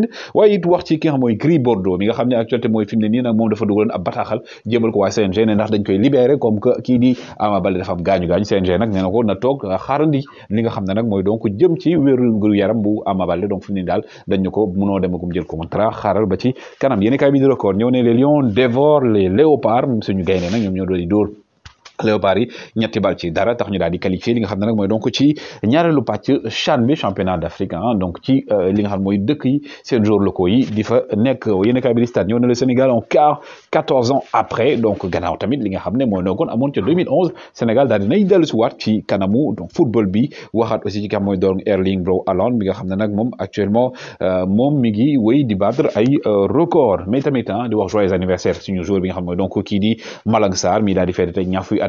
bind waaye it wax ci ki nga xam mooy Gris Bordeaux mi nga xam ne actualité mooy fi mu ne nii nag moom dafa dugaloon ab bataaxal jébal ko waa CNG ne ndax dañ koy libéré comme que kii di Ama Baldé dafa am gaañu gaañu CNG nag nee na toog xaarandi nga xam ne nag mooy donc jëm ci wéeru yaram bu Ama Baldé donc fi ne daal dañ ñu ko munoo dem gum jël contrat xaaral ba ci kanam yéen kaay bi di record ne les lions dévorent les léopards suñu gaynde nag ñoom ñoo doon di Léopard yi ñetti bal ci dara tax ñu daal di qualifié xam ne nag mooy donc ci ñaareelu pàcc CHAN bi championnat d'Afrique ah donc ci euh, li xam mooy dëkk yi seen joueurs locaux yi nekk yéen kaay bi stade ñëw na Sénégal ans après donc gannaaw tamit li xam ne mooy noogoon amoon ca 2011 Sénégal daal dinay dellu si waat ci kanamu donc football bi waxaat aussi ci kam mooy doon Erling Braut Haaland mi xam ne nag moom actuellement euh, moom mi ngi wéy di ay euh, record mais tamit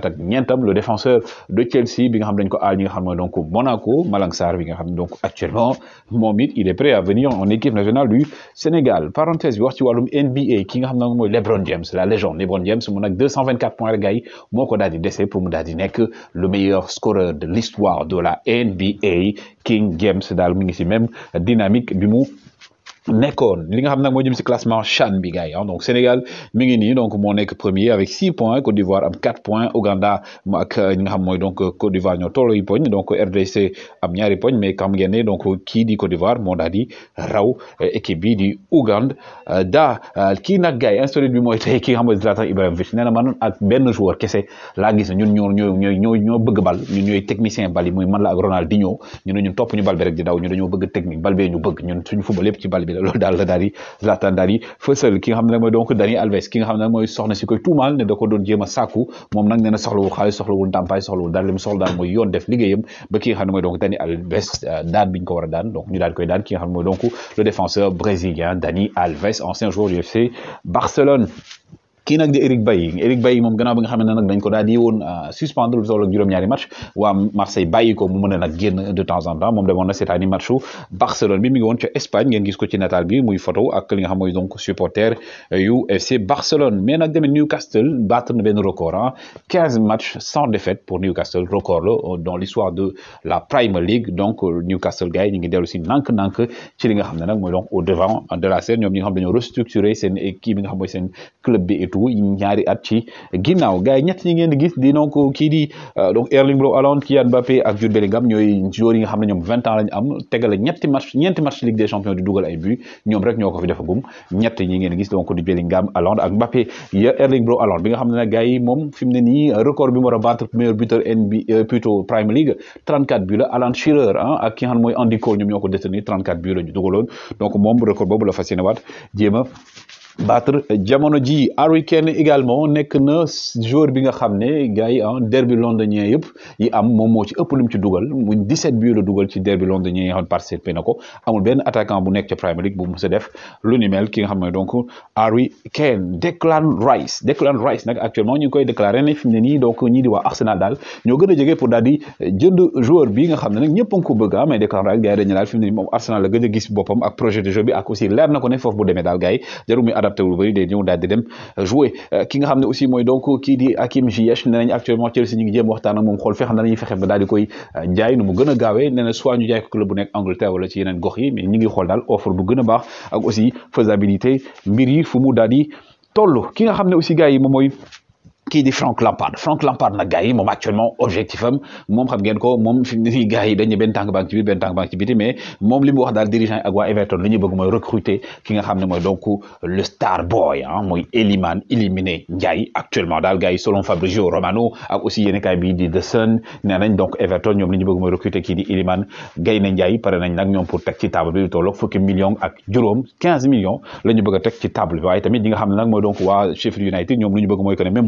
at ak le défenseur de Chelsea bi nga xam dañ xam nga xam donc actuellement moom it il est prêt à venir en équipe nationale du Sénégal parenthèse bi wax NBA ki nga xam ne LeBron James la légende LeBron James mu nag 224 points rek gars yi moo ko daal di dese pour mu daal di nekk le meilleur scoreur de l'histoire de la NBA King James daal mi ngi si même dynamique bi mu nekkoon li nga xam nag moo jëm si classement CHAN bi gars yi ah, donc Sénégal mi donc moo nekk premier avec six points Côte d'Ivoire am quatre points Ouganda ak euh, xam mooy donc Côte d'Ivoire ñoo tollooy poñ donc RDC ñaari poñ mais xam ngeen ne kii di Côte d'Ivoire moo daal di raw euh, équipe bi di Ouganda euh, daa kii nag gars yi insolite bi mooy tey ki nga xam mooy Zlatan Ibrahimovic nee na man ak benn joueur kese laa gis ñun ñoo ñoo ñoo ñoo bëgg bal ñun ñooy technicien bal yi muy man la ak Ronaldinho ñun ñun topp ñu bal bi rek di daw ñu dañoo bëgg technique bal bee ñu bëgg bi loolu daal la Zlatan daal di fësal ki nga xam donc Dani Alves ki nga xam ne nag mooy soxna si ne da ko doon jéem a nag nee na soxlawul xaalis soxlawul ndàmpaay soxlawul daal li mu soxla daal mooy yoon def liggéeyam ba ki nga Dani Alves euh, daan biñ ko war a daan donc ñu daal donc le défenseur brésilien Dani Alves ancien joueur du FC Barcelone kii nag di Eric Bailly Eric Bailly moom gannaaw nga xam nag dañ ko daal woon euh, suspendre lu toll ak juróom-ñaari match waa Marseille bàyyi ko mu mën nag de temps en temps moom demoon seetaani matchu Barcelone bi mi ngi nga xam euh, Newcastle battre na benn record ah 15 sans défaite pour Newcastle record euh, dans l'histoire de la Premier League donc Newcastle gars yi ñu ngi si nànk-nànk ci li nga xam ne nag mooy donc au devant de la scène ñoom ñi bu ñaari at ci ginnaaw gars yi ñett ñi ngeen di gis di donc kii di euh, donc Erling Braut Haaland Kylian Mbappé ak Jude Bellingham ñooy joueurs yi nga xam ne ñoom vingt ans lañu am tegale ñetti match ñeenti match Ligue des Champions di dugal ay but ñoom rek ñoo ko fi defagum ñett ñi ngeen gis donc di Bellingham Haaland ak Mbappé ya Erling Braut Haaland bi nga xam ne nag gars yi moom fi mu ne nii record bi mu war a battre meilleur buteur NBA euh, plutôt Premier League 34 buts la Alan Shearer ah ak ki nga xam ne mooy Andy Cole ñoom ñoo ko détenir 34 buts la ñu dugaloon donc moom record boobu la fas yéene waat jéem a battre jamono ji Harry Kane également nekk na joueur bi nga xam ne gars ah, derby londonien yëpp yi am moom moo ci ëpp lu mu ci dugal mu 17 buts la dugal ci derby londonien yi xam participé na amul benn attaquant bu nekk ca Premier bu mu def lu ni ki nga xam ne donc Harry Kane Declan Rice Declan Rice nag actuellement ñu koy déclaré ne fi ne nii donc ñii di waa Arsenal daal ñoo gën a jege pour daal di jënd bi nga xam ne nag a ngi ko bëgg ah Declan Rice gars a gis boppam adaptéwul bëri day ñëw daal dem jouer euh, ki nga xam ne aussi mooy donc kii di Hakim Ziyech nee actuellement Chelsea ñu ngi jéem waxtaan moom xool fexe na la fexe ba daal koy euh, jaay nu mu gën a gaawee soit ñu jaay ko club nekk Angleterre wala ci yeneen gox yi mais ngi xool daal offre bu gën baax ak aussi faisabilité mbir yi fu toll ki nga xam ne aussi gars yi mooy kii di Frank Lampard Frank Lampard nag gars moom actuellement objectif am moom xam ngeen ko moom fi mu ne benn tànk banque ci benn tànk banque ci mais moom li wax daal dirigeant yi ak Everton li ñu bëgg recruter ki nga xam ne mooy pare nañ nag ñoom pour teg table bi lu tolloog fukki millions ak juróom 15 millions la ñu bëgg table waaye tamit li nga xam ne nag mooy donc waa Sheffield United ñoom li ñu bëgg mooy que ne même